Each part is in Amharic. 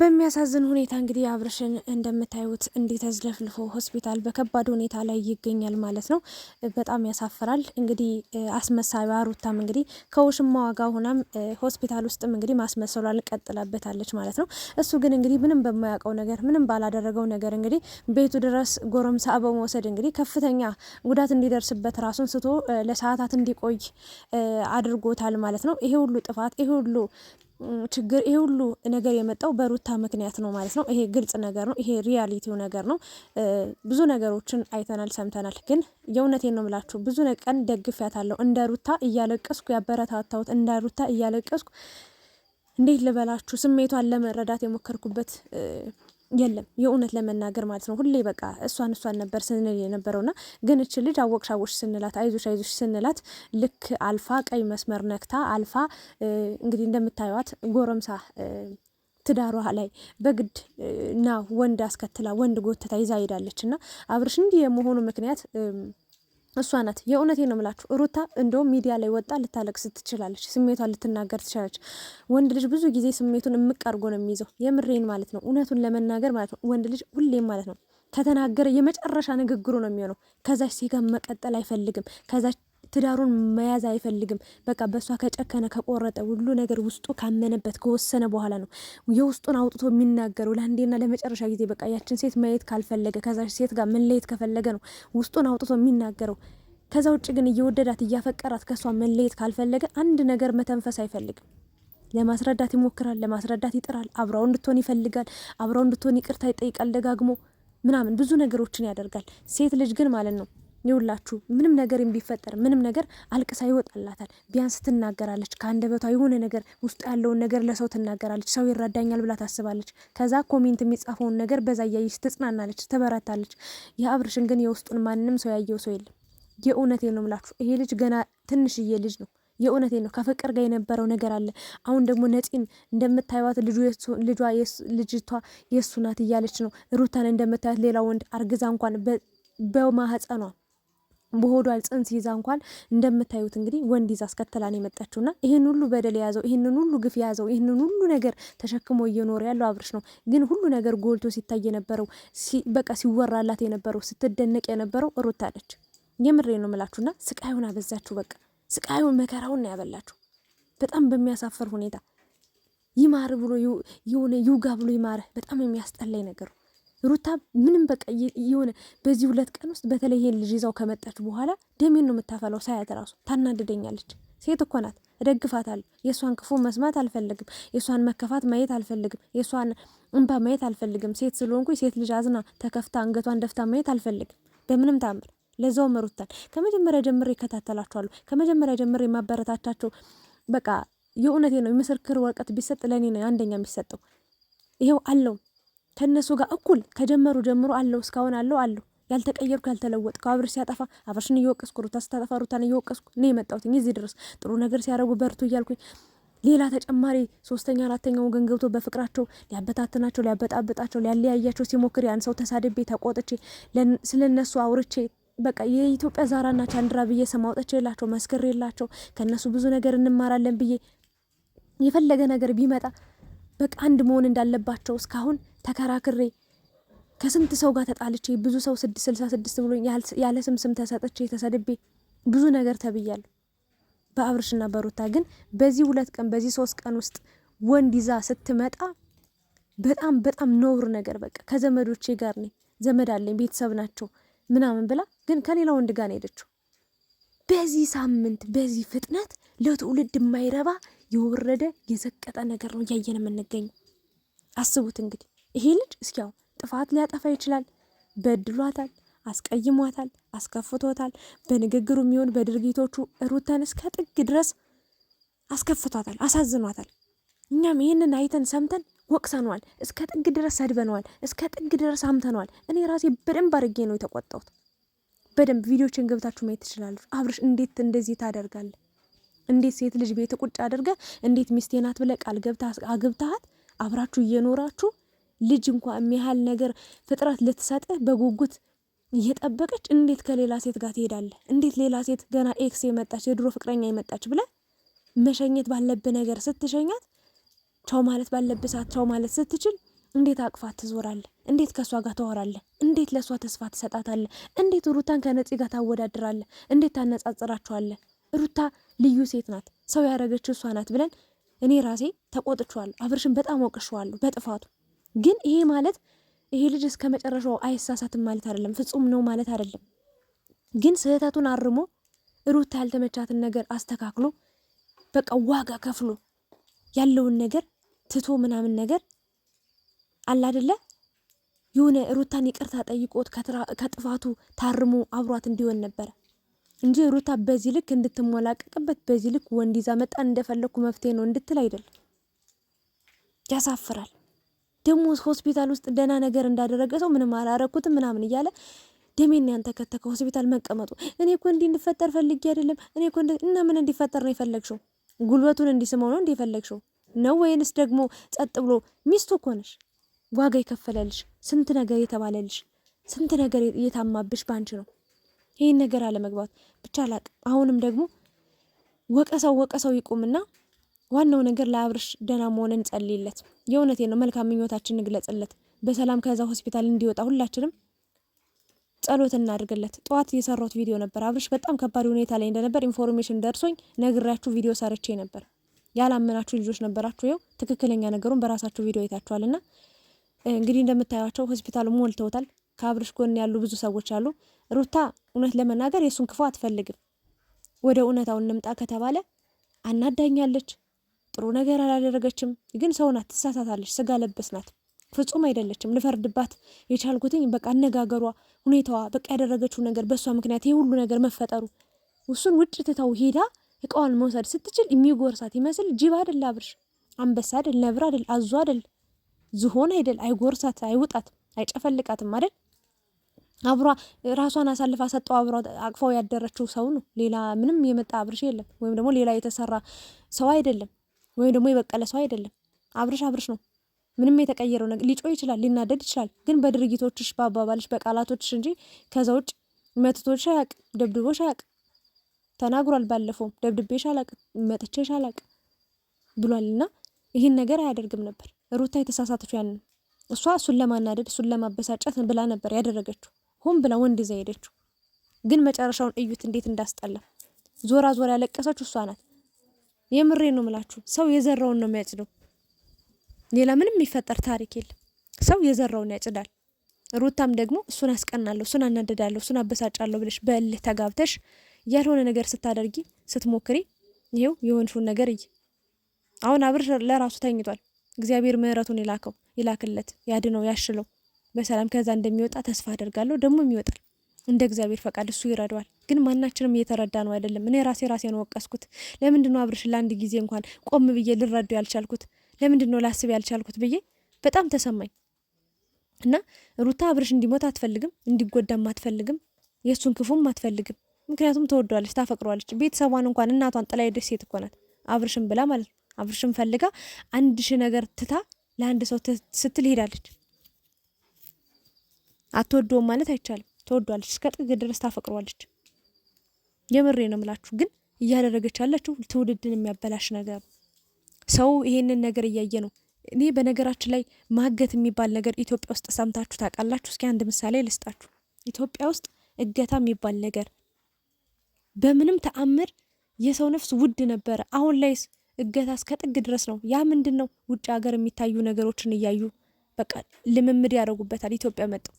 በሚያሳዝን ሁኔታ እንግዲህ አብርሽን እንደምታዩት እንዴት ተዝለፍልፎ ሆስፒታል በከባድ ሁኔታ ላይ ይገኛል ማለት ነው። በጣም ያሳፍራል። እንግዲህ አስመሳዩ ሩታም እንግዲህ ከውሽማ ዋጋ ሆናም ሆስፒታል ውስጥም እንግዲህ ማስመሰሏን ቀጥላበታለች ማለት ነው። እሱ ግን እንግዲህ ምንም በማያውቀው ነገር፣ ምንም ባላደረገው ነገር እንግዲህ ቤቱ ድረስ ጎረምሳ በመውሰድ እንግዲህ ከፍተኛ ጉዳት እንዲደርስበት ራሱን ስቶ ለሰዓታት እንዲቆይ አድርጎታል ማለት ነው። ይሄ ሁሉ ጥፋት ይሄ ሁሉ ችግር ይሄ ሁሉ ነገር የመጣው በሩታ ምክንያት ነው ማለት ነው። ይሄ ግልጽ ነገር ነው። ይሄ ሪያሊቲው ነገር ነው። ብዙ ነገሮችን አይተናል፣ ሰምተናል። ግን የእውነቴን ነው ምላችሁ ብዙ ቀን ደግፊያታለሁ። እንደ ሩታ እያለቀስኩ ያበረታታሁት፣ እንደ ሩታ እያለቀስኩ እንዴት ልበላችሁ ስሜቷን ለመረዳት የሞከርኩበት የለም የእውነት ለመናገር ማለት ነው። ሁሌ በቃ እሷን እሷን ነበር ስንል የነበረውና ግን እች ልጅ አወቅሽ አወቅሽ ስንላት አይዞሽ አይዞሽ ስንላት ልክ አልፋ ቀይ መስመር ነክታ አልፋ እንግዲህ እንደምታየዋት ጎረምሳ ትዳሯ ላይ በግድ ና ወንድ አስከትላ ወንድ ጎተታ ይዛ ሄዳለች እና አብርሽ እንዲህ የመሆኑ ምክንያት እሷ ናት። የእውነቴ ነው የምላችሁ ሩታ እንደውም ሚዲያ ላይ ወጣ ልታለቅስ ትችላለች፣ ስሜቷን ልትናገር ትችላለች። ወንድ ልጅ ብዙ ጊዜ ስሜቱን እምቅ አድርጎ ነው የሚይዘው። የምሬን ማለት ነው፣ እውነቱን ለመናገር ማለት ነው። ወንድ ልጅ ሁሌም ማለት ነው ከተናገረ የመጨረሻ ንግግሩ ነው የሚሆነው። ከዛች ሴጋ መቀጠል አይፈልግም። ከዛች ትዳሩን መያዝ አይፈልግም። በቃ በእሷ ከጨከነ ከቆረጠ፣ ሁሉ ነገር ውስጡ ካመነበት ከወሰነ በኋላ ነው የውስጡን አውጥቶ የሚናገረው። ለአንዴና ለመጨረሻ ጊዜ በቃ ያችን ሴት ማየት ካልፈለገ ከዛ ሴት ጋር መለየት ከፈለገ ነው ውስጡን አውጥቶ የሚናገረው። ከዛ ውጭ ግን እየወደዳት እያፈቀራት ከእሷ መለየት ካልፈለገ አንድ ነገር መተንፈስ አይፈልግም። ለማስረዳት ይሞክራል፣ ለማስረዳት ይጥራል። አብረው እንድትሆን ይፈልጋል። አብረው እንድትሆን ይቅርታ ይጠይቃል ደጋግሞ ምናምን ብዙ ነገሮችን ያደርጋል። ሴት ልጅ ግን ማለት ነው ይውላችሁ ምንም ነገር ቢፈጠር ምንም ነገር አልቅሳ ይወጣላታል። ቢያንስ ትናገራለች። ከአንደበቷ የሆነ ነገር ውስጥ ያለውን ነገር ለሰው ትናገራለች። ሰው ይረዳኛል ብላ ታስባለች። ከዛ ኮሜንት የሚጻፈውን ነገር በዛ እያየች ትጽናናለች፣ ትበረታለች። የአብርሽን ግን የውስጡን ማንም ሰው ያየው ሰው የለም። የእውነቴ ነው ምላችሁ ይሄ ልጅ ገና ትንሽዬ ልጅ ነው። የእውነቴ ነው። ከፍቅር ጋር የነበረው ነገር አለ። አሁን ደግሞ ነፂን እንደምታይዋት ልጇ ልጅቷ የእሱ ናት እያለች ነው። ሩታን እንደምታያት ሌላ ወንድ አርግዛ እንኳን በማህፀኗ በሆዷል ጽንስ ይዛ እንኳን እንደምታዩት እንግዲህ ወንድ ይዛ አስከተላን የመጣችውና ይህን ሁሉ በደል የያዘው ይህንን ሁሉ ግፍ የያዘው ይህንን ሁሉ ነገር ተሸክሞ እየኖረ ያለው አብርሽ ነው። ግን ሁሉ ነገር ጎልቶ ሲታይ የነበረው በቃ ሲወራላት የነበረው ስትደነቅ የነበረው ሩታ አለች። የምሬ ነው ምላችሁና ስቃዩን አበዛችሁ። በቃ ስቃዩን መከራውን ነው ያበላችሁ በጣም በሚያሳፍር ሁኔታ። ይማር ብሎ የሆነ ይውጋ ብሎ ይማር በጣም የሚያስጠላኝ ነገር ሩታ ምንም በቃ የሆነ በዚህ ሁለት ቀን ውስጥ በተለይ ይሄን ልጅ ይዛው ከመጣች በኋላ ደሜን ነው የምታፈላው። ሳያት ራሱ ታናድደኛለች። ሴት እኮ ናት፣ እደግፋታለሁ። የእሷን ክፉ መስማት አልፈልግም። የእሷን መከፋት ማየት አልፈልግም። የእሷን እንባ ማየት አልፈልግም። ሴት ስለሆንኩ ሴት ልጅ አዝና ተከፍታ አንገቷን ደፍታ ማየት አልፈልግም በምንም ታምር። ለዛው መሩታን ከመጀመሪያ ጀምሬ ይከታተላቸዋለሁ። ከመጀመሪያ ጀምሬ የማበረታቻቸው በቃ የእውነቴ ነው። የምስክር ወረቀት ቢሰጥ ለእኔ ነው አንደኛ የሚሰጠው። ይኸው አለው ከእነሱ ጋር እኩል ከጀመሩ ጀምሮ አለው እስካሁን አለው አለው ያልተቀየርኩ ያልተለወጥኩ አብር ሲያጠፋ አብርሽን እየወቀስኩ ሩታ ስታጠፋ ሩታን እየወቀስኩ እኔ የመጣሁት እዚህ ድረስ ጥሩ ነገር ሲያረጉ በርቱ እያልኩኝ ሌላ ተጨማሪ ሶስተኛ አራተኛ ወገን ገብቶ በፍቅራቸው ሊያበታትናቸው ሊያበጣብጣቸው ሊያለያያቸው ሲሞክር ያን ሰው ተሳድቤ ተቆጥቼ ስለነሱ አውርቼ በቃ የኢትዮጵያ ዛራና ቻንድራ ብዬ ስም አውጥቼላቸው መስክሬላቸው ከእነሱ ብዙ ነገር እንማራለን ብዬ የፈለገ ነገር ቢመጣ በቃ አንድ መሆን እንዳለባቸው እስካሁን ተከራክሬ ከስንት ሰው ጋር ተጣልቼ ብዙ ሰው ስድስት ስልሳ ስድስት ብሎ ያለ ስም ስም ተሰጥቼ ተሰድቤ ብዙ ነገር ተብያለሁ በአብርሽና በሩታ ግን በዚህ ሁለት ቀን በዚህ ሶስት ቀን ውስጥ ወንድ ይዛ ስትመጣ በጣም በጣም ነውር ነገር በቃ ከዘመዶቼ ጋር ነኝ ዘመድ አለኝ ቤተሰብ ናቸው ምናምን ብላ ግን ከሌላ ወንድ ጋር ነው ሄደችው። በዚህ ሳምንት በዚህ ፍጥነት ለትውልድ የማይረባ የወረደ የዘቀጠ ነገር ነው እያየን የምንገኘው። አስቡት እንግዲህ ይሄ ልጅ እስኪያው ጥፋት ሊያጠፋ ይችላል። በድሏታል፣ አስቀይሟታል፣ አስከፍቶታል። በንግግሩ የሚሆን በድርጊቶቹ ሩታን እስከ ጥግ ድረስ አስከፍቷታል፣ አሳዝኗታል። እኛም ይህንን አይተን ሰምተን ወቅሰነዋል፣ እስከ ጥግ ድረስ ሰድበነዋል፣ እስከ ጥግ ድረስ አምተነዋል። እኔ ራሴ በደንብ አድርጌ ነው የተቆጣሁት። በደንብ ቪዲዮችን ገብታችሁ ማየት ትችላለች። አብርሽ እንዴት እንደዚህ ታደርጋለህ? እንዴት ሴት ልጅ ቤት ቁጭ አድርገህ እንዴት ሚስቴ ናት ብለህ ቃል ገብታ አግብተሃት አብራችሁ እየኖራችሁ ልጅ እንኳ የሚያህል ነገር ፍጥረት ልትሰጥ በጉጉት እየጠበቀች እንዴት ከሌላ ሴት ጋር ትሄዳለህ? እንዴት ሌላ ሴት ገና ኤክስ የመጣች የድሮ ፍቅረኛ የመጣች ብለን መሸኘት ባለብህ ነገር ስትሸኛት ቻው ማለት ባለብህ ሰዓት ቻው ማለት ስትችል እንዴት አቅፋት ትዞራለህ? እንዴት ከእሷ ጋር ታወራለህ? እንዴት ለእሷ ተስፋ ትሰጣታለህ? እንዴት ሩታን ከነፂ ጋር ታወዳድራለህ? እንዴት ታነጻጽራችኋለህ? ሩታ ልዩ ሴት ናት፣ ሰው ያደረገችው እሷ ናት ብለን እኔ ራሴ ተቆጥቼዋለሁ። አብርሽን በጣም ወቅሸዋለሁ በጥፋቱ ግን ይሄ ማለት ይሄ ልጅ እስከ መጨረሻው አይሳሳትም ማለት አይደለም፣ ፍጹም ነው ማለት አይደለም። ግን ስህተቱን አርሞ ሩታ ያልተመቻትን ነገር አስተካክሎ በቃ ዋጋ ከፍሎ ያለውን ነገር ትቶ ምናምን ነገር አላደለ የሆነ ሩታን ይቅርታ ጠይቆት ከጥፋቱ ታርሞ አብሯት እንዲሆን ነበረ እንጂ ሩታ በዚህ ልክ እንድትሞላቀቅበት በዚህ ልክ ወንድ ይዛ መጣ እንደፈለግኩ መፍትሄ ነው እንድትል አይደለም። ያሳፍራል። ደግሞ ሆስፒታል ውስጥ ደህና ነገር እንዳደረገ ሰው ምንም አላረኩትም ምናምን እያለ ደሜን ያን ተከተከ ሆስፒታል መቀመጡ። እኔ እኮ እንዲህ እንዲፈጠር ፈልጌ አይደለም። እኔ እኮ እና ምን እንዲፈጠር ነው የፈለግሽው? ጉልበቱን እንዲስመው ነው እንዲህ የፈለግሽው ነው? ወይንስ ደግሞ ጸጥ ብሎ ሚስቱ እኮ ነሽ፣ ዋጋ የከፈለልሽ ስንት ነገር የተባለልሽ ስንት ነገር እየታማብሽ በአንቺ ነው። ይህን ነገር አለመግባት ብቻ አላቅም። አሁንም ደግሞ ወቀሰው ወቀሰው ይቁምና ዋናው ነገር ለአብርሽ ደህና መሆን እንጸልይለት። የእውነቴ ነው። መልካም ምኞታችን እንግለጽለት። በሰላም ከዛ ሆስፒታል እንዲወጣ ሁላችንም ጸሎት እናድርግለት። ጠዋት የሰራሁት ቪዲዮ ነበር። አብርሽ በጣም ከባድ ሁኔታ ላይ እንደነበር ኢንፎርሜሽን ደርሶኝ ነግራችሁ ቪዲዮ ሰርቼ ነበር። ያላመናችሁ ልጆች ነበራችሁ። ይኸው ትክክለኛ ነገሩን በራሳችሁ ቪዲዮ አይታችኋል። እና እንግዲህ እንደምታዩቸው ሆስፒታሉ ሞልተውታል። ከአብርሽ ጎን ያሉ ብዙ ሰዎች አሉ። ሩታ እውነት ለመናገር የእሱን ክፉ አትፈልግም። ወደ እውነታው እንምጣ ከተባለ አናዳኛለች ጥሩ ነገር አላደረገችም፣ ግን ሰው ናት፣ ትሳሳታለች፣ ስጋ ለበስ ናት፣ ፍጹም አይደለችም። ልፈርድባት የቻልኩትኝ በቃ አነጋገሯ፣ ሁኔታዋ፣ በቃ ያደረገችው ነገር በእሷ ምክንያት ይህ ሁሉ ነገር መፈጠሩ። እሱን ውጭ ትተው ሄዳ እቃዋን መውሰድ ስትችል የሚጎርሳት ይመስል ጅብ አይደል አብርሽ? አንበሳ አይደል? ነብር አይደል? አዞ አይደል? ዝሆን አይደል? አይጎርሳት፣ አይውጣት፣ አይጨፈልቃትም አይደል? አብሯ ራሷን አሳልፋ ሰጠው። አብሯ አቅፋው ያደረችው ሰው ነው። ሌላ ምንም የመጣ አብርሽ የለም፣ ወይም ደግሞ ሌላ የተሰራ ሰው አይደለም። ወይም ደግሞ የበቀለ ሰው አይደለም። አብርሽ አብርሽ ነው። ምንም የተቀየረው ነገር ሊጮ ይችላል፣ ሊናደድ ይችላል። ግን በድርጊቶችሽ፣ በአባባልሽ፣ በቃላቶችሽ እንጂ ከዛ ውጭ መትቶች አያውቅ፣ ደብድቦሽ ያቅ ተናግሯል። ባለፈውም ደብድቤሽ አላቅ፣ መጥቼሽ አላቅ ብሏል። እና ይህን ነገር አያደርግም ነበር። ሩታ የተሳሳተችው ያንን እሷ እሱን ለማናደድ እሱን ለማበሳጨት ብላ ነበር ያደረገችው። ሆን ብላ ወንድ ዘ ሄደችው። ግን መጨረሻውን እዩት እንዴት እንዳስጠላ። ዞራ ዞራ ያለቀሰችው እሷ ናት። የምሬ ነው ምላችሁ ሰው የዘራውን ነው የሚያጭደው። ሌላ ምንም የሚፈጠር ታሪክ የለም። ሰው የዘራውን ያጭዳል። ሩታም ደግሞ እሱን አስቀናለሁ፣ እሱን አናደዳለሁ፣ እሱን አበሳጫለሁ ብለሽ በእልህ ተጋብተሽ ያልሆነ ነገር ስታደርጊ ስትሞክሪ ይሄው የሆንሽውን ነገር እይ። አሁን አብርሽ ለራሱ ተኝቷል። እግዚአብሔር ምሕረቱን ይላከው ይላክለት፣ ያድነው፣ ያሽለው በሰላም ከዛ እንደሚወጣ ተስፋ አደርጋለሁ። ደግሞ ይወጣል። እንደ እግዚአብሔር ፈቃድ እሱ ይረዳዋል። ግን ማናችንም እየተረዳ ነው አይደለም። እኔ ራሴ ራሴ ነው ወቀስኩት። ለምንድን ነው አብርሽ ለአንድ ጊዜ እንኳን ቆም ብዬ ልረዱ ያልቻልኩት? ለምንድን ነው ላስብ ያልቻልኩት ብዬ በጣም ተሰማኝ። እና ሩታ አብርሽ እንዲሞት አትፈልግም፣ እንዲጎዳም አትፈልግም፣ የእሱን ክፉም አትፈልግም። ምክንያቱም ተወዷለች፣ ታፈቅሯለች። ቤተሰቧን እንኳን እናቷን ጥላ ሄደች። ሴት እኮ ናት አብርሽን ብላ ማለት ነው። አብርሽን ፈልጋ አንድ ሺህ ነገር ትታ ለአንድ ሰው ስትል ሄዳለች። አትወደውም ማለት አይቻልም። ተወዷለች፣ እስከ ጥግ ድረስ ታፈቅሯለች። የምሬ ነው ምላችሁ ግን እያደረገች ያለችው ትውልድን የሚያበላሽ ነገር፣ ሰው ይሄንን ነገር እያየ ነው። እኔ በነገራችን ላይ ማገት የሚባል ነገር ኢትዮጵያ ውስጥ ሰምታችሁ ታውቃላችሁ? እስኪ አንድ ምሳሌ ልስጣችሁ። ኢትዮጵያ ውስጥ እገታ የሚባል ነገር በምንም ተአምር የሰው ነፍስ ውድ ነበረ። አሁን ላይስ እገታ እስከ ጥግ ድረስ ነው። ያ ምንድን ነው? ውጭ ሀገር የሚታዩ ነገሮችን እያዩ በቃ ልምምድ ያደርጉበታል። ኢትዮጵያ መጣው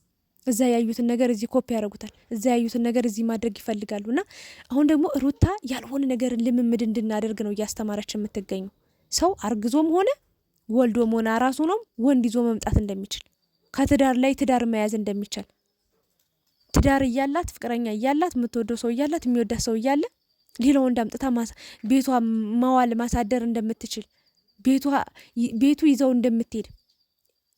እዛ ያዩትን ነገር እዚህ ኮፒ ያደርጉታል። እዛ ያዩትን ነገር እዚህ ማድረግ ይፈልጋሉ። እና አሁን ደግሞ ሩታ ያልሆነ ነገር ልምምድ እንድናደርግ ነው እያስተማረች የምትገኙ ሰው አርግዞም ሆነ ወልዶም ሆነ አራስ ሆኖም ወንድ ይዞ መምጣት እንደሚችል ከትዳር ላይ ትዳር መያዝ እንደሚቻል ትዳር እያላት ፍቅረኛ እያላት የምትወደው ሰው እያላት የሚወዳት ሰው እያለ ሌላ ወንድ አምጥታ ቤቷ ማዋል ማሳደር እንደምትችል ቤቱ ይዘው እንደምትሄድ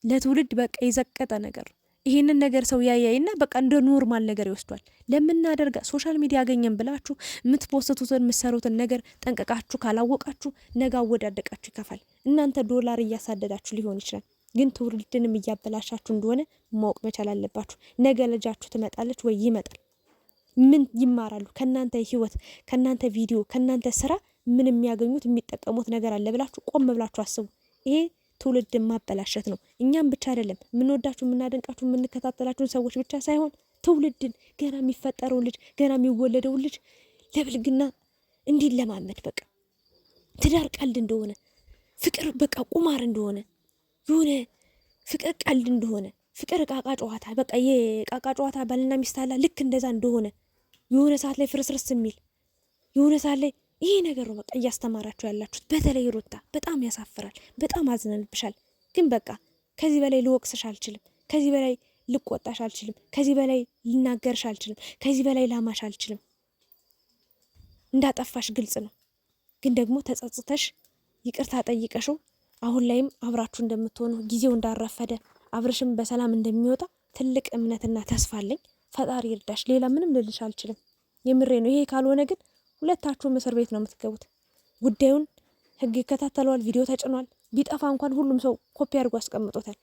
ለትውልድ በቃ የዘቀጠ ነገር ነው። ይህንን ነገር ሰው ያያይና በቃ እንደ ኖርማል ነገር ይወስዷል። ለምናደርጋ ሶሻል ሚዲያ ያገኘን ብላችሁ የምትፖስቱትን የምትሰሩትን ነገር ጠንቀቃችሁ ካላወቃችሁ ነገ አወዳደቃችሁ ይከፋል። እናንተ ዶላር እያሳደዳችሁ ሊሆን ይችላል፣ ግን ትውልድንም እያበላሻችሁ እንደሆነ ማወቅ መቻል አለባችሁ። ነገ ልጃችሁ ትመጣለች ወይ ይመጣል። ምን ይማራሉ? ከእናንተ ህይወት፣ ከእናንተ ቪዲዮ፣ ከእናንተ ስራ ምን የሚያገኙት የሚጠቀሙት ነገር አለ ብላችሁ ቆም ብላችሁ አስቡ። ይሄ ትውልድን ማበላሸት ነው። እኛም ብቻ አይደለም የምንወዳችሁ፣ የምናደንቃችሁ፣ የምንከታተላችሁን ሰዎች ብቻ ሳይሆን ትውልድን ገና የሚፈጠረውን ልጅ ገና የሚወለደውን ልጅ ለብልግና እንዲለማመድ በቃ ትዳር ቀልድ እንደሆነ ፍቅር በቃ ቁማር እንደሆነ የሆነ ፍቅር ቀልድ እንደሆነ ፍቅር ቃቃ ጨዋታ በቃ የእቃቃ ጨዋታ ባልና ሚስት አላ ልክ እንደዛ እንደሆነ የሆነ ሰዓት ላይ ፍርስርስ የሚል የሆነ ሰዓት ላይ ይሄ ነገር ነው በቃ እያስተማራችሁ ያላችሁት። በተለይ ሩታ በጣም ያሳፍራል። በጣም አዝነንብሻል። ግን በቃ ከዚህ በላይ ልወቅስሽ አልችልም። ከዚህ በላይ ልቆጣሽ አልችልም። ከዚህ በላይ ልናገርሽ አልችልም። ከዚህ በላይ ላማሽ አልችልም። እንዳጠፋሽ ግልጽ ነው። ግን ደግሞ ተጸጽተሽ ይቅርታ ጠይቀሽው አሁን ላይም አብራችሁ እንደምትሆኑ ጊዜው እንዳረፈደ አብርሽም በሰላም እንደሚወጣ ትልቅ እምነትና ተስፋ አለኝ። ፈጣሪ ይርዳሽ። ሌላ ምንም ልልሽ አልችልም። የምሬ ነው። ይሄ ካልሆነ ግን ሁለታችሁም እስር ቤት ነው የምትገቡት። ጉዳዩን ህግ ይከታተለዋል። ቪዲዮ ተጭኗል። ቢጠፋ እንኳን ሁሉም ሰው ኮፒ አድርጎ አስቀምጦታል።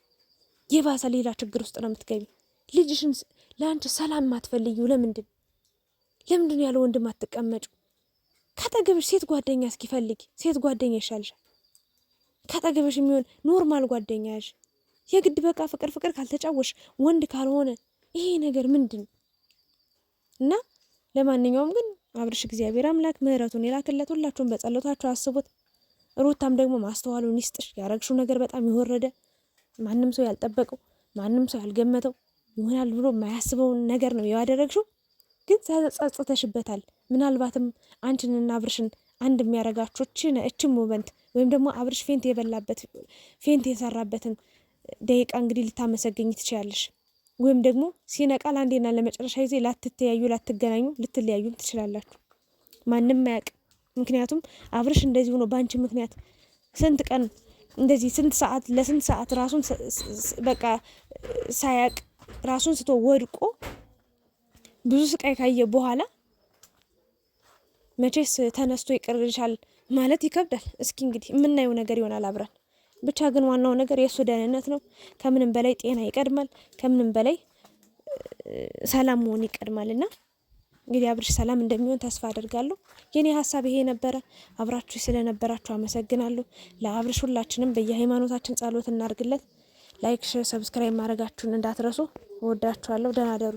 የባሰ ሌላ ችግር ውስጥ ነው የምትገቢ። ልጅሽን ለአንቺ ሰላም ማትፈልጊው ለምንድን ለምንድን ያለ ወንድም አትቀመጩ? ከጠገብሽ ሴት ጓደኛ እስኪፈልጊ ሴት ጓደኛ ይሻልሻል። ከጠገብሽ የሚሆን ኖርማል ጓደኛ ያዥ። የግድ በቃ ፍቅር ፍቅር ካልተጫወሽ ወንድ ካልሆነ ይሄ ነገር ምንድን እና ለማንኛውም ግን አብርሽ እግዚአብሔር አምላክ ምሕረቱን የላክለት ሁላችሁን በጸሎታችሁ አስቡት። ሩታም ደግሞ ማስተዋሉን ይስጥሽ። ያረግሽው ነገር በጣም የወረደ ማንም ሰው ያልጠበቀው ማንም ሰው ያልገመተው ይሆናል ብሎ የማያስበውን ነገር ነው ያደረግሽው፣ ግን ጸጽተሽበታል። ምናልባትም አንቺንና አብርሽን አንድ የሚያረጋችሁ እቺ ሞመንት ወይም ደግሞ አብርሽ ፌንት የበላበት ፌንት የሰራበትን ደቂቃ እንግዲህ ልታመሰገኝ ትችላለሽ። ወይም ደግሞ ሲነቃ ለአንዴና ለመጨረሻ ጊዜ ላትተያዩ፣ ላትገናኙ፣ ልትለያዩም ትችላላችሁ። ማንም አያውቅም። ምክንያቱም አብርሽ እንደዚህ ሆኖ በአንቺ ምክንያት ስንት ቀን እንደዚህ ስንት ሰዓት ለስንት ሰዓት ራሱን በቃ ሳያቅ ራሱን ስቶ ወድቆ ብዙ ስቃይ ካየ በኋላ መቼስ ተነስቶ ይቅርልሻል ማለት ይከብዳል። እስኪ እንግዲህ የምናየው ነገር ይሆናል አብረን ብቻ ግን ዋናው ነገር የእሱ ደህንነት ነው። ከምንም በላይ ጤና ይቀድማል። ከምንም በላይ ሰላም መሆን ይቀድማል እና እንግዲህ አብርሽ ሰላም እንደሚሆን ተስፋ አደርጋለሁ። የኔ ሀሳብ ይሄ ነበረ። አብራችሁ ስለነበራችሁ አመሰግናለሁ። ለአብርሽ ሁላችንም በየሃይማኖታችን ጸሎት እናርግለት። ላይክ፣ ሼር፣ ሰብስክራይብ ማድረጋችሁን እንዳትረሱ። ወዳችኋለሁ። ደህና ደሩ።